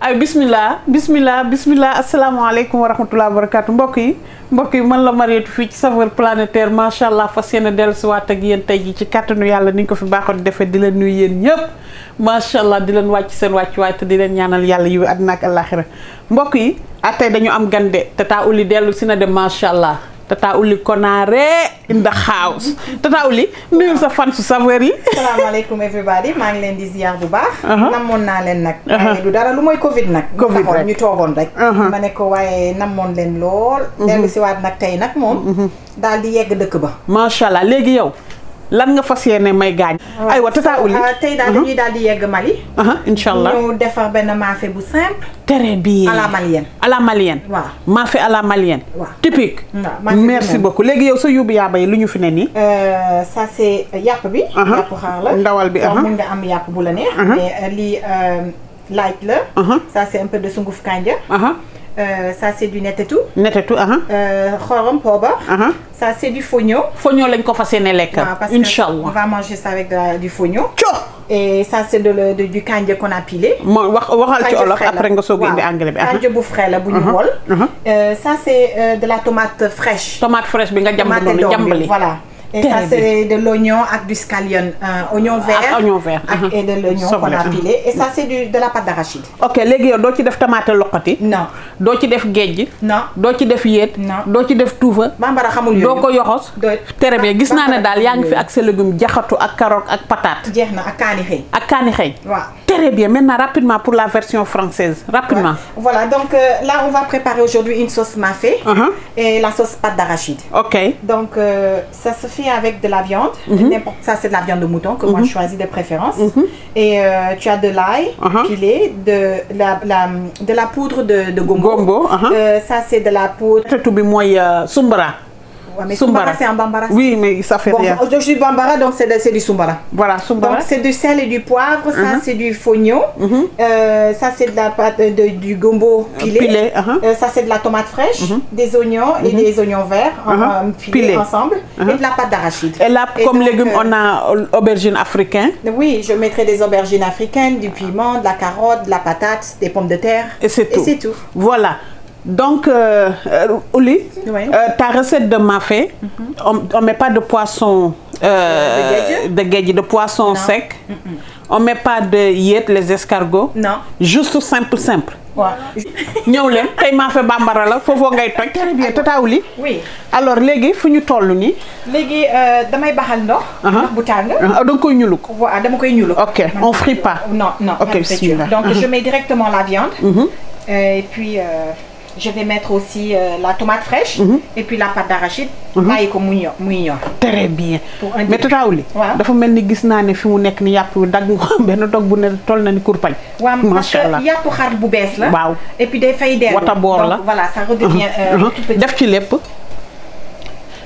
ay bismillah bismillah bismillah asalaamaaleykum wa rahmatulah wa barakaatu mbokk yi mbokk yi man la Mariétou fii ci Saveurs Planétaires macha allah fas yéene dellusiwaat ak yéen tey jii ci kàttanu yàlla ni ñu ko fi baaxoon di defee di leen nuyu yéen ñëpp macha allah di leen wàcc seen wàccuwaay te di leen ñaanal yàlla yiw àddina ak àllaaxira mbokk yi ah dañu am gande te taa uli dellu si na dem macha allah. tata Ouli Konaré in the house tata Ouli nuyul sa fan su saveur yi. salaamaaleykum everybody maa ngi leen di ziar bu baax. Uh-huh. namoon naa leen nag. waaye uh-huh. eh, du dara lu mooy Covid nag. Covid rek ñu toogoon rek. Uh-huh. ma ne ko waaye namoon leen lool. Mm-hmm. dellu si nag tey nag moom. Mm-hmm. daal di yegg dëkk ba. macha allah léegi yow. lan nga fas yéene may gaañ. aywa tata Ouli euh, tey daal mhm. dañuy daal di yegg Mali. incha allah ñu defar benn mafé bu simple. très bien à la malienne. à la malienne. waaw mafé à la malienne. waaw typique. merci beaucoup léegi yow sa yóbbu yaaba yi lu ñu fi ne nii. Euh, ça c'est yàpp bi. yàpp xaar la ndawal bi. mun nga am yàpp bu la ne mais euh, lii laaj la. ça c'est un peu de sunguf kànja Euh, ça c'est du net Net et tout. netetu. netetu ah. xorom poobar. Uh-huh. ça c'est du fognon. fognon lañ ko fas yéene lekk. on va manger ça avec la, du fognon. co. et ça c'est de, de, du kanja qu'on a pilé. moo wax waxal ci olof après nga soog indi anglais bi. Uh-huh. kanja bu frais la bu ñu uh-huh. wol. Euh, ça c'est euh, de la tomate fraîche. tomate fraîche bi nga jàmbale jàmbale voilà. Et ça, c'est de l'oignon avec du scallion. Euh, oignon vert. Uh-huh. et de l'oignon qu'on a uh-huh. pilé. Et ça, c'est de la pâte d'arachide. Ok, les tu des tomates Non. Tu Non. Tu des fillettes. Non. Tu des Bambara Très bien. Ah, gis ak carotte ak patate. ak Ak Très bien. Maintenant, rapidement pour la version française. Rapidement. Voilà. Donc euh, là, on va préparer aujourd'hui une sauce mafé uh-huh. et la sauce pâte d'arachide. OK. Donc euh, ça se fait avec de la viande. Mm-hmm. Ça, c'est de la viande de mouton que moi, je mm-hmm. choisis de préférence. Mm-hmm. Et euh, tu as de l'ail uh-huh. pilé, de la, la, de la poudre de, de gombo. gombo uh-huh. ça, c'est de la poudre... Tout Ouais, c'est un bambara. Oui, mais ça fait bon, rien. Je suis bambara, donc c'est du Soumbara. Voilà, Soumbara. Donc c'est du sel et du poivre, ça uh-huh. c'est du fognon, uh-huh. euh, ça c'est la pâte euh, de, du gombo euh, pilé, uh-huh. ça c'est de la tomate fraîche, des oignons et des oignons verts pilés ensemble, et de la pâte d'arachide. Et là, comme légumes, on a aubergines africaine. Oui, je mettrai des aubergines africaines, du piment, de la carotte, de la patate, des pommes de terre. Et c'est tout. Voilà. Donc, euh, euh Oli, euh, ta recette de mafé, mm on ne met pas de poisson euh, de, de poisson sec. On ne met pas de yet, les escargots. Non. Juste simple, simple. Oui. leen tey maa fait bambara la foofoo ngay toj. très bien Ouli. oui alors léegi fu ñu toll nii. léegi euh, damay baxal ndox. ndox bu tàng. Ah, da nga koy ñuluk. waaw dama koy ñuluk. ok on frit pas. non non. ok donc je mhm. mets directement la viande. Mhm. Euh, et puis je vais mettre aussi euh, la tomate fraîche mhm. et puis la pâte d'arachide comme très bien mais tu dafa gis ne na ni Il et puis des voilà ça redevient euh, tout petit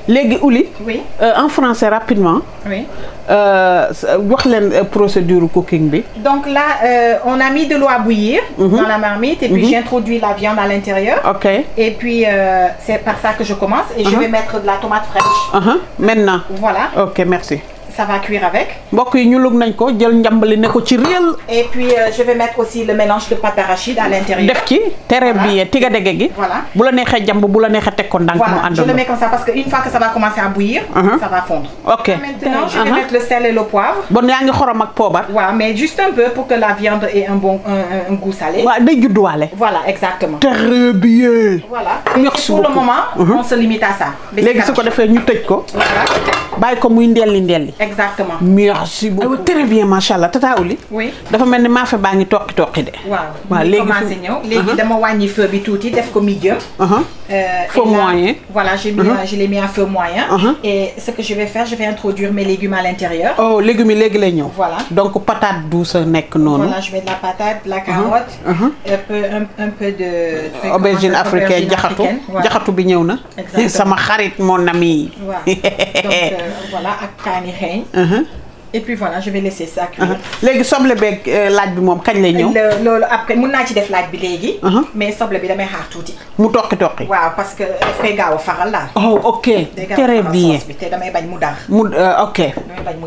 ou Ouli. oui euh, en français rapidement. oui est euh, la euh, procédure cooking bi. donc là on a mis de l'eau à bouillir. Mhm. dans la marmite et puis mhm. j'introduis la viande à l'intérieur. ok et puis c'est par ça que je commence. et je mhm. vais mettre de la tomate fraîche. maintenant. voilà ok merci ça va cuire avec. Et puis euh, je vais mettre aussi le mélange de pâte d'arachide à l'intérieur. Voilà. voilà. Je le mets comme ça parce qu'une fois que ça va commencer à bouillir, uh-huh. ça va fondre. Ok. maintenant je vais uh-huh. mettre le sel et le poivre. Bon, mais juste un peu pour que la viande ait un bon un, un goût salé. voilà, exactement. Très bien. Voilà. pour le moment, uh-huh. on se limite à ça. Voilà exactement merci beaucoup ah très bien macha allah tata Ouli. oui dafa mel ni maafe baa ngi toqi toqi de. waaw waaw léegi commencé ñëw. léegi uh-huh. dama wàññi feu bi tuuti def ko medium. Uh-huh. Euh, feu moyen. Voilà, uh-huh. je, l'ai mis je à feu moyen. Uh-huh. Et ce que je vais faire, je vais introduire mes légumes à l'intérieur. Oh, légumes, légumes, Voilà. Donc, patate douce, nec, non. Voilà, je mets de la patate, de la uh-huh. carotte, un, peu, un, peu de. aubergine africaine, diakatou. bignon, non Exactement. Ça m'a mon ami. Voilà. Donc, euh, voilà, et puis voilà je vais laisser ça cuire. les soble beeg euh, laaj bi moom kañ lay ñëw. loolu après mun naa ci def laaj bi léegi. mais soble bi damay xaar tuuti. mu toqi toqi. waaw parce que daf koy gaaw faral daal. oh ok très bien te damay bañ mu dar. mu euh, ok.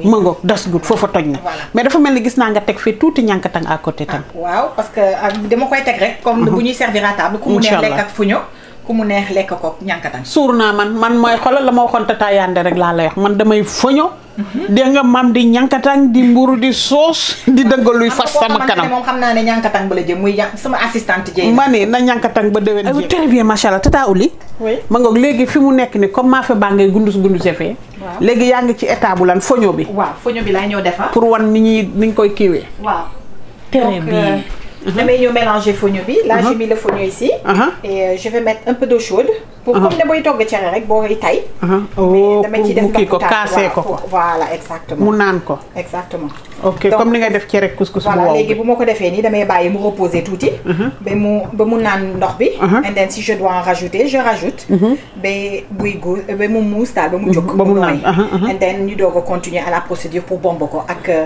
mu ngoog das gut foofa na. mais dafa mel ni gis naa nga teg fii tuuti ñànkatang à côté tam. Ah, waaw parce que ah, dama koy côté rek. comme bu ñuy servir à table comme mu neex ak fuñu. ku mu neex lek ko ñankatan surna man man moy xolal la ma ta tayande rek la lay wax man damay foño mhm. de nga mam di ñankatan di mburu di sos di deggal luy fas sama kanam mom xamna ne ñankatan bu la jëm muy ya, sama assistante jey ma ne na ñankatan ba déwén ah jëy très bien machallah tata Ouli oui ma ngok léegi fi mu nekk ni comme ma fa bangé gundus gundus fee léegi yaa ngi ci état bu lan foño bi wa foño bi laa ñëw defar pour wan ni ñuy ni ñu koy kiwé wa très bien euh, Uh-huh. damay ñëw mélanger fonio bi là uh-huh. j'ai mis le fonio ici uh-huh. et euh, je vais mettre un peu d'eau chaude pour comme ne booy togg cere rek boo bon tay taille ci def kii ko kaasee ko voilà exactement Mou ko exactement ok comme ni ngay def cere couscous voilà les léegi bu ma ko defee nii damay me mu reposer de suite mu ba mu mon ndox bi and then si je dois en rajouter je rajoute ba buy gu ba mu muus daal ba mu jóg ba and then ñu doog continuer à la procédure pour bomb ko ak euh,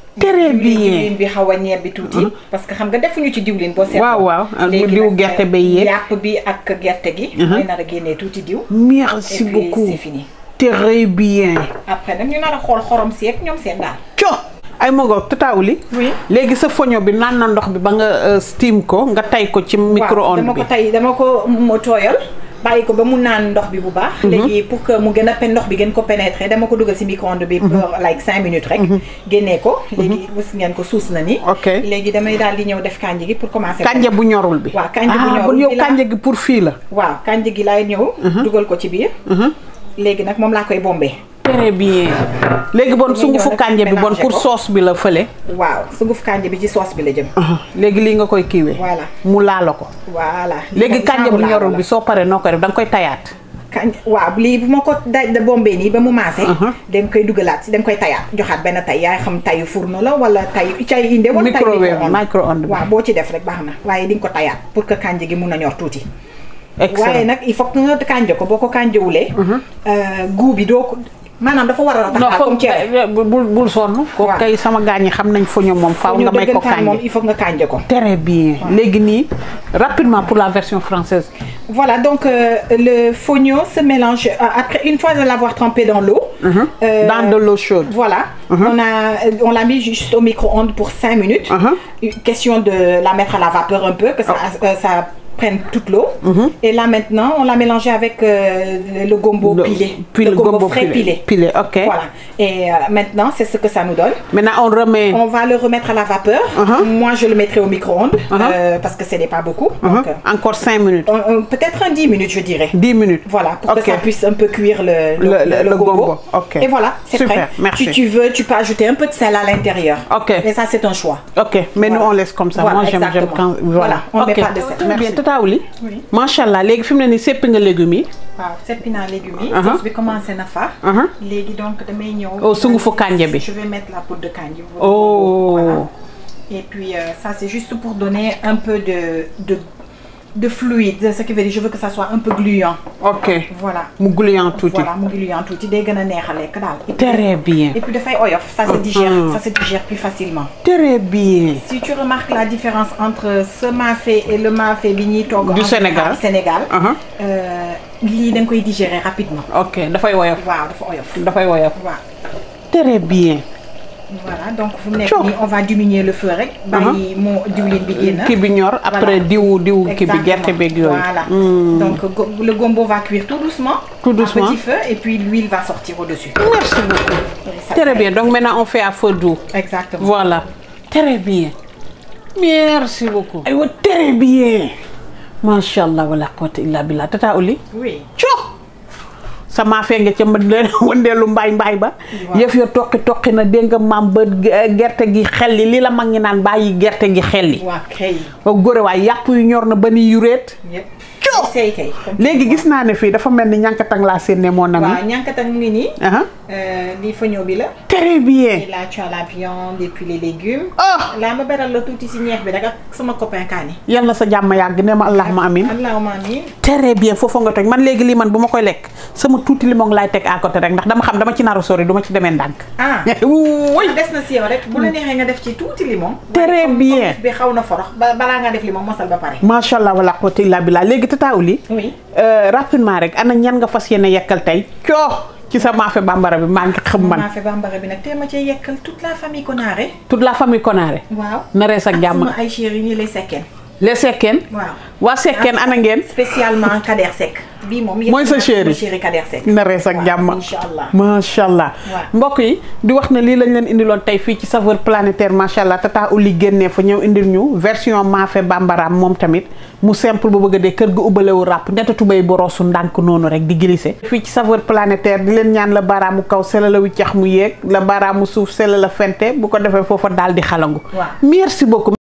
très bien diwlin xaw a ñebbi tuuti. parce que xam nga defuñu ci diwlin boo seetloo. waaw waaw ah, diw gerte bay yeeg yàpp bi ak gerte gi. mooy nar a génnee tuuti diw. merci beaucoup c'est fini. très bien. après nag ñu nar a xool xorom si ak ñoom seen daal. co ay magoog tataawuli. oui léegi sa foño bi naan na ndox bi ba nga euh, steam ko nga tey ko ci. micro onde bi waaw dama ko tay mo mm, tooyal. bàyyi ko ba mu naan ndox bi bu baax. Mhm. léegi pour que mu gën a pen ndox bi gën ko pénétrer dama ko dugal si micro-ondes bi. Mhm. pour like cinq minutes rek. Mhm. génne ko. léegi gis ngeen ko suus na ni. ok léegi damay daal di ñëw def kànja gi pour commencer. kànja bu ñorul bi waaw kànja bu ah, ñorul bi yow kànja gi pour fii la. waaw kànja gi laay ñëw. dugal ko ci biir. léegi nag moom laa koy bombee. très bien léegi bon sungufu kànja bi bon pour sauce bi la fële. waaw sungufu kànja bi ci sauce bi la jëm. léegi lii nga koy kiiwee. voilà mu laalo ko. voilà léegi kànja bu ñorul bi soo paree noo koy def da nga koy ma ko da nga koy dugalaat si da nga koy tayaat joxaat benn tay yaa xam tayu fourneau boo ci def rek baax na waaye di nga ko tayaat pour que kànja gi mun a ñor tuuti. waaye nag il faut que kànja ko boo ko kànjawulee. Euh, guub doo ko manam dafa ko sama ko il faut nga ko très bien rapidement pour la version française voilà donc euh, le fognon se mélange euh, après une fois de l'avoir trempé dans l'eau. Mhm. Euh, dans de l'eau chaude. Voilà. Mhm. On a on l'a mis juste au micro-ondes pour 5 minutes. Mhm. Question de la mettre à la vapeur un peu que ça, oh. ça toute l'eau. Mhm. Et là maintenant, on l'a mélangé avec euh, le gombo pilé. puis le gombo, frais pilé. pilé. ok. Et euh, maintenant, c'est ce que ça nous donne. Maintenant, on remet. On va le remettre à la vapeur. Uh-huh. Moi, je le mettrai au micro-ondes uh-huh. euh, parce que ce n'est pas beaucoup. Uh-huh. Encore cinq minutes. Peut-être un 10 minutes, je dirais. 10 minutes. Voilà, pour que ça puisse un peu cuire le, le, gombo. Et voilà, c'est prêt. Merci. Si tu veux, tu peux ajouter un peu de sel à l'intérieur. Ok. Mais ça, c'est un choix. Ok. Mais nous, on laisse comme ça. Voilà, Moi, j'aime quand. Voilà. On okay. met pas de sel taaw oui machallah allah léegi fi mu ne légumes yi. waaw seppi naa légumes yi. Uh-huh. sauce bi commencé na far. Uh-huh. léegi donc damay ñëw. oh sungufu kànja bi je vais mettre la poudre de kànja. oh et puis euh, ça c'est juste pour donner un peu de de de fluide ce qui veut dire je veux que ça soit un peu gluant. ok voilà Mou gluant tout. voilà mou gluant tout. a très bien et puis dafay oyof ça se digère uh-huh. ça se digère plus facilement. très bien. si tu remarques la différence entre ce mafé et le mafé bi du Sénégal Sénégal. Uh-huh. Euh, lii da nga koy digérer rapidement. ok dafay oyof. waaw faire oyof. dafay oyof. waaw. très bien voilà donc vous on va diminuer le feu avec après diw diw voilà hmm. donc le gombo va cuire tout doucement. tout doucement petit feu et puis l'huile va sortir au-dessus. merci beaucoup. très bien donc maintenant on fait à feu doux. exactement voilà très bien. merci beaucoup. très bien. macha allah tata Oli. oui sama fenge ca ma wëndeelu mbaay mbaay ba yëf ya toqi toqi na dégg nga maam ba gerte gi xelli li la mag ngi naan bàyyi gerte gi xelli waaw góore waay yàpp yu ñor na ba ni yuréet sey kay gis na ne fi dafa melni ni ñankatang la séné mo moo nami waaw ñankatang ni ni di euh, foño bi la très bien là tu as la viande et puis les légumes oh laa ma beral la tout ci ñeex bi rek sama copain kani. Yalla sa jamm yàgg ne ma ma amin ma amin très bien fofu nga tek man legi li man buma koy lek sama mo limon lay tek à côté rek ndax dama xam dama ci naru sori duma ci démé ndank. ah Woy. Ah, Dess na ci yow rek bu la hmm. nexé nga def ci li mo. très bien bi xawna na forox balaa nga def mo mosal ba Ma sha allah wala quwwata illa billah léegi taaw Taouli. oui euh, rapidement rek ana ñan nga fas yéene yekkal tey coox ci sa maafe bambara bi maa ngi xam man. maafe bambara bi nag tey ma cee yekkal toute la famille Konaré. toute la famille Konaré. waaw naree sa jàmm ay chéri yi ñu lay sekkeen les sekkeen. waaw waa sekkeen ah, ana ngeen. spécialement Kader moom mooy sa chéri Kader Seck. narees ak jàmm macha allah macha allah. mbokk yi di wax na lii lañ leen indiloon tey fii ci saveur planétaire macha allah tata Ouli génnee fa ñëw indil ñu version maafe bambaraam moom tamit mu simple bu bëgg dee kër gu ubbalewu ràpp ndetetu bay boroosu ndànk noonu rek di glissé. fii ci saveur planétaire di leen ñaan la baraamu kaw sela la wiccax mu yéeg la baraamu suuf sela la fente bu ko defee foofa daal di xalangu.